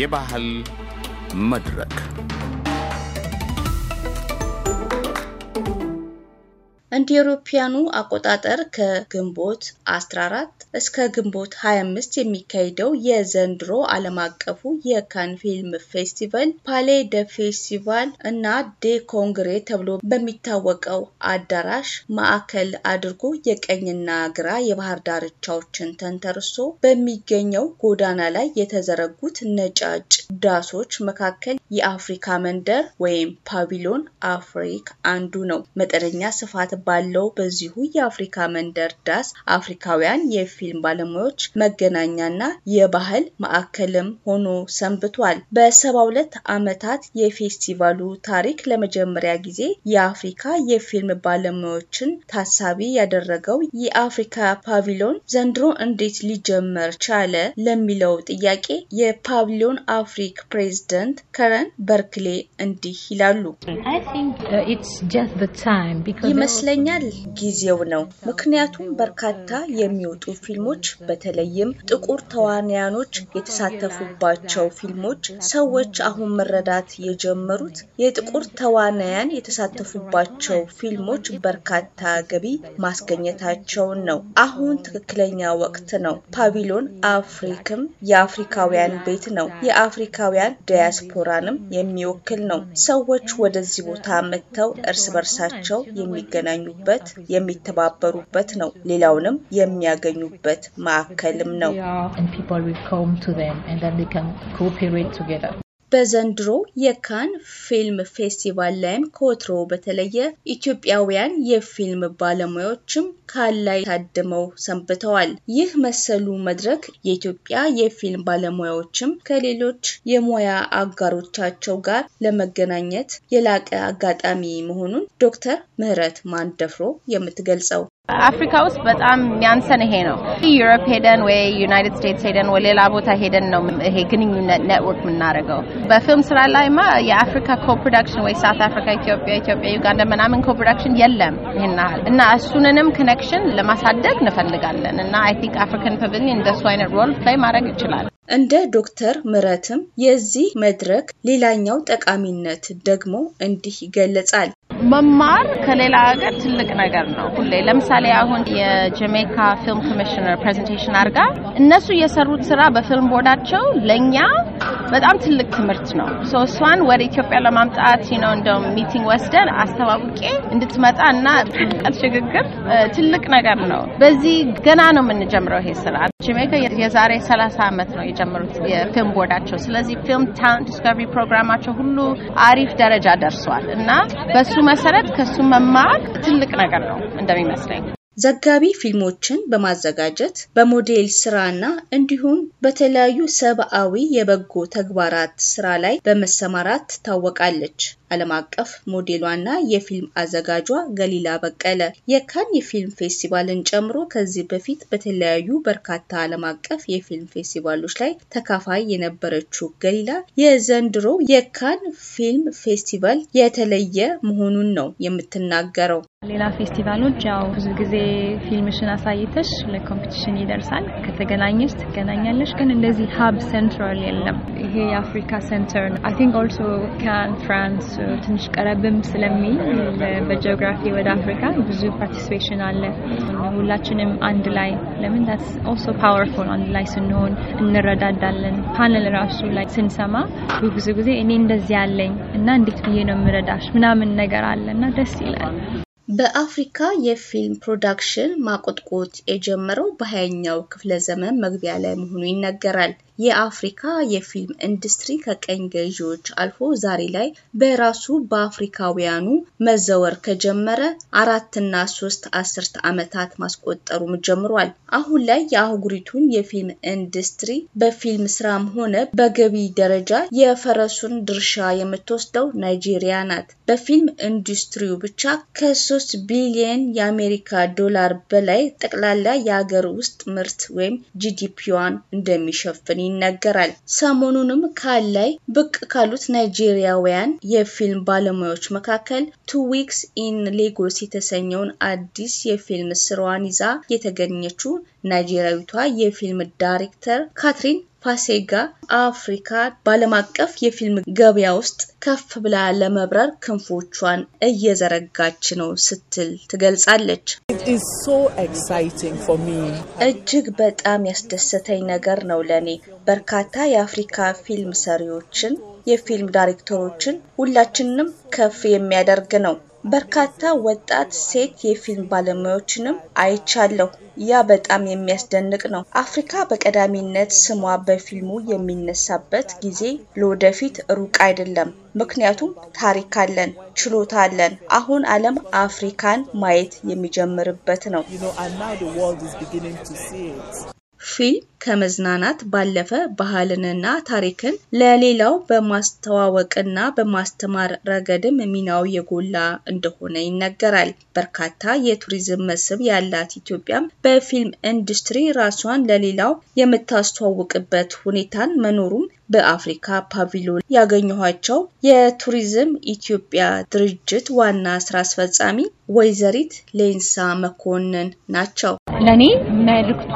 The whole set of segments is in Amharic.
የባህል መድረክ እንደ አውሮፓውያኑ አቆጣጠር ከግንቦት 14 እስከ ግንቦት 25 የሚካሄደው የዘንድሮ ዓለም አቀፉ የካን ፊልም ፌስቲቫል ፓሌ ደ ፌስቲቫል እና ዴ ኮንግሬ ተብሎ በሚታወቀው አዳራሽ ማዕከል አድርጎ የቀኝና ግራ የባህር ዳርቻዎችን ተንተርሶ በሚገኘው ጎዳና ላይ የተዘረጉት ነጫጭ ዳሶች መካከል የአፍሪካ መንደር ወይም ፓቪሎን አፍሪክ አንዱ ነው። መጠነኛ ስፋት ባለው በዚሁ የአፍሪካ መንደር ዳስ አፍሪካውያን የፊልም ባለሙያዎች መገናኛና የባህል ማዕከልም ሆኖ ሰንብቷል። በሰባ ሁለት ዓመታት የፌስቲቫሉ ታሪክ ለመጀመሪያ ጊዜ የአፍሪካ የፊልም ባለሙያዎችን ታሳቢ ያደረገው የአፍሪካ ፓቪሊዮን ዘንድሮ እንዴት ሊጀመር ቻለ ለሚለው ጥያቄ የፓቪሊዮን አፍሪክ ፕሬዝደንት ከረን በርክሌ እንዲህ ይላሉ uh, ይመስለኛል ይመስለኛል ጊዜው ነው። ምክንያቱም በርካታ የሚወጡ ፊልሞች በተለይም ጥቁር ተዋንያኖች የተሳተፉባቸው ፊልሞች ሰዎች አሁን መረዳት የጀመሩት የጥቁር ተዋናያን የተሳተፉባቸው ፊልሞች በርካታ ገቢ ማስገኘታቸውን ነው። አሁን ትክክለኛ ወቅት ነው። ፓቪሎን አፍሪክም የአፍሪካውያን ቤት ነው። የአፍሪካውያን ዲያስፖራንም የሚወክል ነው። ሰዎች ወደዚህ ቦታ መጥተው እርስ በርሳቸው የሚገናኙ የሚወያዩበት የሚተባበሩበት ነው። ሌላውንም የሚያገኙበት ማዕከልም ነው። በዘንድሮ የካን ፊልም ፌስቲቫል ላይም ከወትሮ በተለየ ኢትዮጵያውያን የፊልም ባለሙያዎችም ካን ላይ ታድመው ሰንብተዋል። ይህ መሰሉ መድረክ የኢትዮጵያ የፊልም ባለሙያዎችም ከሌሎች የሙያ አጋሮቻቸው ጋር ለመገናኘት የላቀ አጋጣሚ መሆኑን ዶክተር ምህረት ማንደፍሮ የምትገልጸው አፍሪካ ውስጥ በጣም የሚያንሰን ይሄ ነው። ዩሮፕ ሄደን ወይ ዩናይትድ ስቴትስ ሄደን ወይ ሌላ ቦታ ሄደን ነው ይሄ ግንኙነት ኔትወርክ የምናደርገው። በፊልም ስራ ላይማ የአፍሪካ ኮፕሮዳክሽን ወይ ሳውት አፍሪካ፣ ኢትዮጵያ፣ ኢትዮጵያ ዩጋንዳ ምናምን ኮፕሮዳክሽን የለም ይህን ያህል እና እሱንንም ኮኔክሽን ለማሳደግ እንፈልጋለን እና አይ ቲንክ አፍሪካን ፓቪሊየን እንደሱ አይነት ሮል ፕሌይ ማድረግ ይችላል። እንደ ዶክተር ምረትም የዚህ መድረክ ሌላኛው ጠቃሚነት ደግሞ እንዲህ ይገለጻል። መማር ከሌላ ሀገር ትልቅ ነገር ነው። ሁሌ ለምሳሌ አሁን የጀሜካ ፊልም ኮሚሽነር ፕሬዘንቴሽን አድርጋ እነሱ የሰሩት ስራ በፊልም ቦርዳቸው ለእኛ በጣም ትልቅ ትምህርት ነው። እሷን ወደ ኢትዮጵያ ለማምጣት ነው እንደው ሚቲንግ ወስደን አስተዋውቄ እንድትመጣ እና ሽግግር ትልቅ ነገር ነው። በዚህ ገና ነው የምንጀምረው ይሄ ስራ ጅሜካ የዛሬ 30 ዓመት ነው የጀመሩት የፊልም ቦርዳቸው። ስለዚህ ፊልም ታውን ዲስከቨሪ ፕሮግራማቸው ሁሉ አሪፍ ደረጃ ደርሷል እና በሱ መሰረት ከሱ መማር ትልቅ ነገር ነው እንደሚመስለኝ። ዘጋቢ ፊልሞችን በማዘጋጀት በሞዴል ስራና እንዲሁም በተለያዩ ሰብአዊ የበጎ ተግባራት ስራ ላይ በመሰማራት ትታወቃለች። ዓለም አቀፍ ሞዴሏና የፊልም አዘጋጇ ገሊላ በቀለ የካን የፊልም ፌስቲቫልን ጨምሮ ከዚህ በፊት በተለያዩ በርካታ ዓለም አቀፍ የፊልም ፌስቲቫሎች ላይ ተካፋይ የነበረችው ገሊላ የዘንድሮ የካን ፊልም ፌስቲቫል የተለየ መሆኑን ነው የምትናገረው። ሌላ ፌስቲቫሎች ያው ብዙ ጊዜ ፊልምሽን አሳይተሽ ለኮምፒቲሽን ይደርሳል፣ ከተገናኘሽ ትገናኛለሽ። ግን እንደዚህ ሀብ ሴንትራል የለም። ይሄ የአፍሪካ ሴንተር አይ ቲንክ ኦልሶ ካን ፍራንስ ትንሽ ቀረብም ስለሚል በጂኦግራፊ ወደ አፍሪካ ብዙ ፓርቲስፔሽን አለ። ሁላችንም አንድ ላይ ለምን ዳትስ ኦልሶ ፓወርፉል አንድ ላይ ስንሆን እንረዳዳለን። ፓነል ራሱ ላይ ስንሰማ ብዙ ጊዜ እኔ እንደዚህ አለኝ እና እንዴት ብዬ ነው የምረዳሽ ምናምን ነገር አለ እና ደስ ይላል። በአፍሪካ የፊልም ፕሮዳክሽን ማቆጥቆጥ የጀመረው በሀያኛው ክፍለ ዘመን መግቢያ ላይ መሆኑ ይነገራል። የአፍሪካ የፊልም ኢንዱስትሪ ከቀኝ ገዢዎች አልፎ ዛሬ ላይ በራሱ በአፍሪካውያኑ መዘወር ከጀመረ አራትና ሶስት አስርት ዓመታት ማስቆጠሩም ጀምሯል። አሁን ላይ የአህጉሪቱን የፊልም ኢንዱስትሪ በፊልም ስራም ሆነ በገቢ ደረጃ የፈረሱን ድርሻ የምትወስደው ናይጄሪያ ናት። በፊልም ኢንዱስትሪው ብቻ ከሶስት ቢሊየን የአሜሪካ ዶላር በላይ ጠቅላላ የአገር ውስጥ ምርት ወይም ጂዲፒዋን እንደሚሸፍን ይነገራል። ሰሞኑንም ካል ላይ ብቅ ካሉት ናይጄሪያውያን የፊልም ባለሙያዎች መካከል ቱ ዊክስ ኢን ሌጎስ የተሰኘውን አዲስ የፊልም ስራዋን ይዛ የተገኘችው ናይጄሪያዊቷ የፊልም ዳይሬክተር ካትሪን ፓሴጋ አፍሪካ በዓለም አቀፍ የፊልም ገበያ ውስጥ ከፍ ብላ ለመብረር ክንፎቿን እየዘረጋች ነው ስትል ትገልጻለች። እጅግ በጣም ያስደሰተኝ ነገር ነው ለኔ በርካታ የአፍሪካ ፊልም ሰሪዎችን የፊልም ዳይሬክተሮችን ሁላችንንም ከፍ የሚያደርግ ነው። በርካታ ወጣት ሴት የፊልም ባለሙያዎችንም አይቻለሁ። ያ በጣም የሚያስደንቅ ነው። አፍሪካ በቀዳሚነት ስሟ በፊልሙ የሚነሳበት ጊዜ ለወደፊት ሩቅ አይደለም። ምክንያቱም ታሪክ አለን፣ ችሎታ አለን። አሁን ዓለም አፍሪካን ማየት የሚጀምርበት ነው። ፊልም ከመዝናናት ባለፈ ባህልንና ታሪክን ለሌላው በማስተዋወቅና በማስተማር ረገድም ሚናው የጎላ እንደሆነ ይነገራል። በርካታ የቱሪዝም መስህብ ያላት ኢትዮጵያም በፊልም ኢንዱስትሪ ራሷን ለሌላው የምታስተዋውቅበት ሁኔታን መኖሩም በአፍሪካ ፓቪሊዮን ያገኘኋቸው የቱሪዝም ኢትዮጵያ ድርጅት ዋና ስራ አስፈጻሚ ወይዘሪት ሌንሳ መኮንን ናቸው። ለእኔ መልእክቱ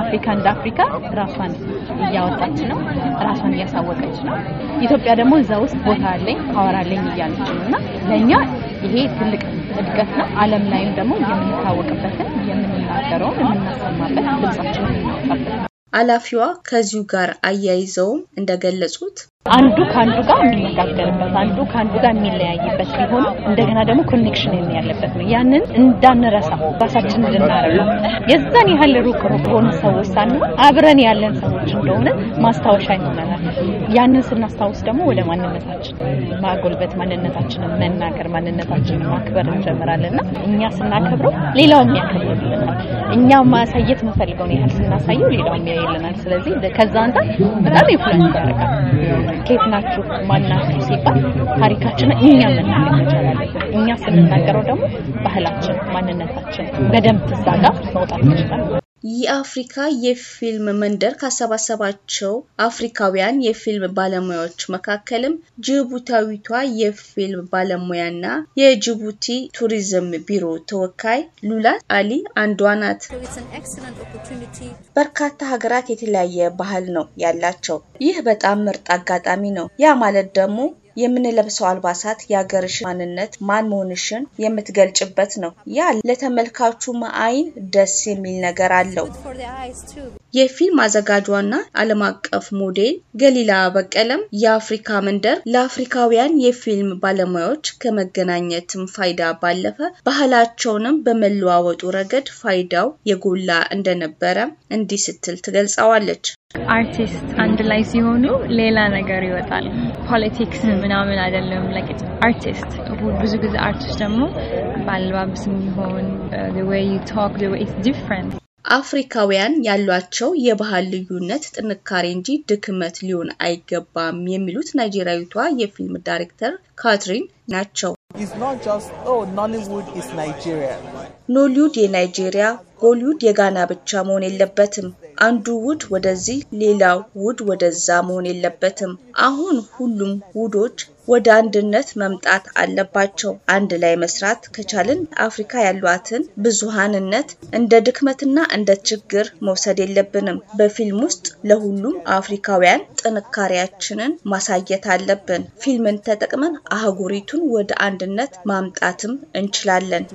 አፍሪካ እንደ አፍሪካ ራሷን እያወጣች ነው፣ ራሷን እያሳወቀች ነው። ኢትዮጵያ ደግሞ እዛ ውስጥ ቦታ አለኝ አወራለኝ እያለች ነው እና ለእኛ ይሄ ትልቅ እድገት ነው። ዓለም ላይም ደግሞ የምንታወቅበትን የምንናገረውን የምናሰማበት ድምጻችንን ነው። ኃላፊዋ ከዚሁ ጋር አያይዘውም እንደገለጹት አንዱ ከአንዱ ጋር የሚነጋገርበት አንዱ ከአንዱ ጋር የሚለያይበት ቢሆንም እንደገና ደግሞ ኮኔክሽን ያለበት ነው። ያንን እንዳንረሳ ራሳችን እንድናረጋ የዛን ያህል ሩቅ ሩቅ ሰዎች ሳንሆን አብረን ያለን ሰዎች እንደሆነ ማስታወሻ ይሆናል። ያንን ስናስታውስ ደግሞ ወደ ማንነታችን ማጎልበት፣ ማንነታችንን መናገር፣ ማንነታችንን ማክበር እንጀምራለንና እኛ ስናከብረው ሌላው የሚያከብርልናል። እኛ ማሳየት የምንፈልገውን ያህል ስናሳየው ሌላው የሚያይልናል። ስለዚህ ከዛ አንጻር በጣም ይፍለን ያደርጋል። ከየት ናችሁ ማናችሁ ሲባል ታሪካችንን እኛ መናገር መቻል እኛ ስንናገረው ደግሞ ባህላችን፣ ማንነታችን በደንብ እዛ ጋር መውጣት ይችላል። የአፍሪካ የፊልም መንደር ካሰባሰባቸው አፍሪካውያን የፊልም ባለሙያዎች መካከልም ጅቡታዊቷ የፊልም ባለሙያና የጅቡቲ ቱሪዝም ቢሮ ተወካይ ሉላ አሊ አንዷ ናት። በርካታ ሀገራት የተለያየ ባህል ነው ያላቸው። ይህ በጣም ምርጥ አጋጣሚ ነው። ያ ማለት ደግሞ የምንለብሰው አልባሳት የሀገርሽ ማንነት ማን መሆንሽን የምትገልጭበት ነው። ያ ለተመልካቹ አይን ደስ የሚል ነገር አለው። የፊልም አዘጋጇና ዓለም አቀፍ ሞዴል ገሊላ በቀለም የአፍሪካ መንደር ለአፍሪካውያን የፊልም ባለሙያዎች ከመገናኘትም ፋይዳ ባለፈ ባህላቸውንም በመለዋወጡ ረገድ ፋይዳው የጎላ እንደነበረ እንዲህ ስትል ትገልጸዋለች። አርቲስት አንድ ላይ ሲሆኑ ሌላ ነገር ይወጣል። ፖለቲክስ ምናምን አይደለም። አርቲስት ብዙ ጊዜ አርቲስት ደግሞ በአለባበስ የሚሆን ዌይ ዩ ቶክ ዲፍረንት አፍሪካውያን ያሏቸው የባህል ልዩነት ጥንካሬ እንጂ ድክመት ሊሆን አይገባም የሚሉት ናይጄሪያዊቷ የፊልም ዳይሬክተር ካትሪን ናቸው። oh, ኖሊውድ የናይጄሪያ ሆሊውድ የጋና ብቻ መሆን የለበትም። አንዱ ውድ ወደዚህ ሌላው ውድ ወደዛ መሆን የለበትም። አሁን ሁሉም ውዶች ወደ አንድነት መምጣት አለባቸው። አንድ ላይ መስራት ከቻልን አፍሪካ ያሏትን ብዙሃንነት እንደ ድክመትና እንደ ችግር መውሰድ የለብንም። በፊልም ውስጥ ለሁሉም አፍሪካውያን ጥንካሬያችንን ማሳየት አለብን። ፊልምን ተጠቅመን አህጉሪቱን ወደ አንድነት ማምጣትም እንችላለን።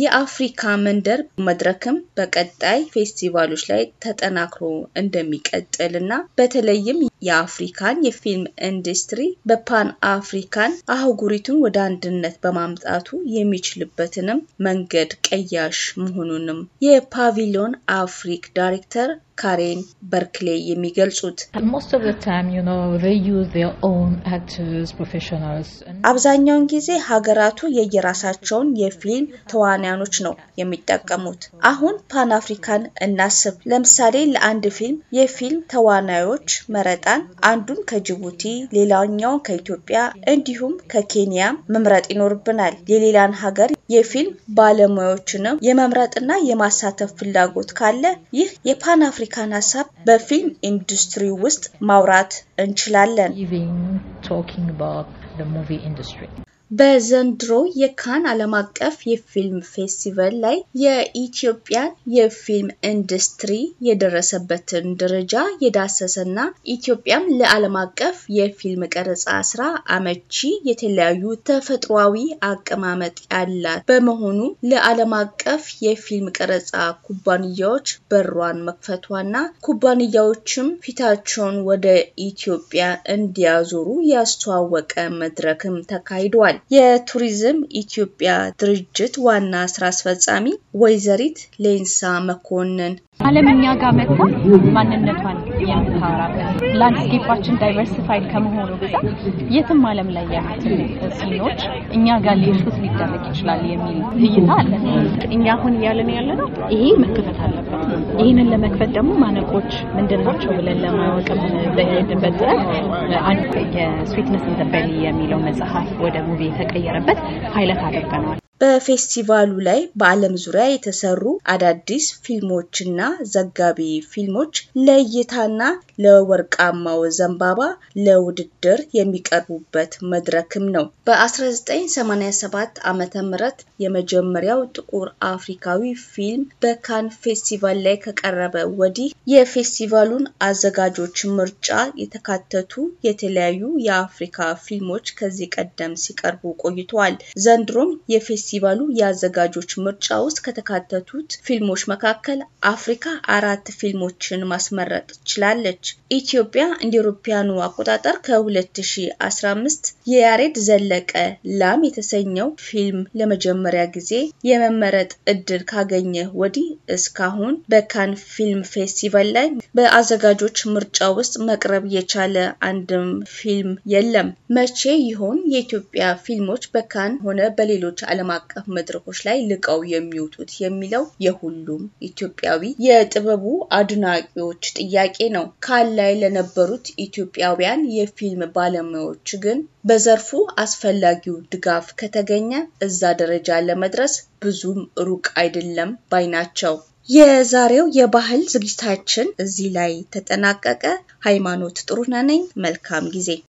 የአፍሪካ መንደር መድረክም በቀጣይ ፌስቲቫሎች ላይ ተጠናክሮ እንደሚቀጥል እና በተለይም የአፍሪካን የፊልም ኢንዱስትሪ በፓን አፍሪካን አህጉሪቱን ወደ አንድነት በማምጣቱ የሚችልበትንም መንገድ ቀያሽ መሆኑንም የፓቪሊዮን አፍሪክ ዳይሬክተር ካሬን በርክሌ የሚገልጹት አብዛኛውን ጊዜ ሀገራቱ የየራሳቸውን የፊልም ተዋናያኖች ነው የሚጠቀሙት። አሁን ፓን አፍሪካን እናስብ። ለምሳሌ ለአንድ ፊልም የፊልም ተዋናዮች መረጣን አንዱን ከጅቡቲ ሌላኛውን ከኢትዮጵያ እንዲሁም ከኬንያ መምረጥ ይኖርብናል። የሌላን ሀገር የፊልም ባለሙያዎችንም የመምረጥና የማሳተፍ ፍላጎት ካለ ይህ የፓን አፍሪካ የአሜሪካን ሀሳብ በፊልም ኢንዱስትሪ ውስጥ ማውራት እንችላለን። በዘንድሮ የካን ዓለም አቀፍ የፊልም ፌስቲቫል ላይ የኢትዮጵያን የፊልም ኢንዱስትሪ የደረሰበትን ደረጃ የዳሰሰና ኢትዮጵያም ለዓለም አቀፍ የፊልም ቀረጻ ስራ አመቺ የተለያዩ ተፈጥሯዊ አቀማመጥ ያላት በመሆኑ ለዓለም አቀፍ የፊልም ቀረጻ ኩባንያዎች በሯን መክፈቷና ኩባንያዎችም ፊታቸውን ወደ ኢትዮጵያ እንዲያዞሩ ያስተዋወቀ መድረክም ተካሂዷል። የቱሪዝም ኢትዮጵያ ድርጅት ዋና ስራ አስፈጻሚ ወይዘሪት ሌንሳ መኮንን አለም እኛ ጋር መጥታ ማንነቷን የምታወራበት ላንድስኬፓችን ዳይቨርሲፋይድ ከመሆኑ ብዛት የትም ዓለም ላይ ያሉትን ሲኖች እኛ ጋር ሊንሱት ሊደረግ ይችላል የሚል እይታ አለ። እኛ አሁን እያለን ያለ ነው ይሄ መክፈት አለበት። ይህንን ለመክፈት ደግሞ ማነቆች ምንድን ናቸው ብለን ለማወቅም በሄድንበት ጥረት አንድ የስዊትነስ ኢን የሚለው መጽሐፍ ወደ ሙቪ የተቀየረበት ሀይለት አድርገነዋል። በፌስቲቫሉ ላይ በዓለም ዙሪያ የተሰሩ አዳዲስ ፊልሞችና ዘጋቢ ፊልሞች ለእይታና ለወርቃማው ዘንባባ ለውድድር የሚቀርቡበት መድረክም ነው። በ1987 ዓ ም የመጀመሪያው ጥቁር አፍሪካዊ ፊልም በካን ፌስቲቫል ላይ ከቀረበ ወዲህ የፌስቲቫሉን አዘጋጆች ምርጫ የተካተቱ የተለያዩ የአፍሪካ ፊልሞች ከዚህ ቀደም ሲቀርቡ ቆይተዋል። ዘንድሮም የፌስቲ ፌስቲቫሉ የአዘጋጆች ምርጫ ውስጥ ከተካተቱት ፊልሞች መካከል አፍሪካ አራት ፊልሞችን ማስመረጥ ችላለች። ኢትዮጵያ እንደ አውሮፓውያኑ አቆጣጠር ከ2015 የያሬድ ዘለቀ ላም የተሰኘው ፊልም ለመጀመሪያ ጊዜ የመመረጥ እድል ካገኘ ወዲህ እስካሁን በካን ፊልም ፌስቲቫል ላይ በአዘጋጆች ምርጫ ውስጥ መቅረብ የቻለ አንድም ፊልም የለም። መቼ ይሆን የኢትዮጵያ ፊልሞች በካን ሆነ በሌሎች ዓለም አቀፍ መድረኮች ላይ ልቀው የሚወጡት የሚለው የሁሉም ኢትዮጵያዊ የጥበቡ አድናቂዎች ጥያቄ ነው። ካል ላይ ለነበሩት ኢትዮጵያውያን የፊልም ባለሙያዎች ግን በዘርፉ አስፈላጊው ድጋፍ ከተገኘ እዛ ደረጃ ለመድረስ ብዙም ሩቅ አይደለም ባይ ናቸው። የዛሬው የባህል ዝግጅታችን እዚህ ላይ ተጠናቀቀ። ሃይማኖት ጥሩነህ ነኝ። መልካም ጊዜ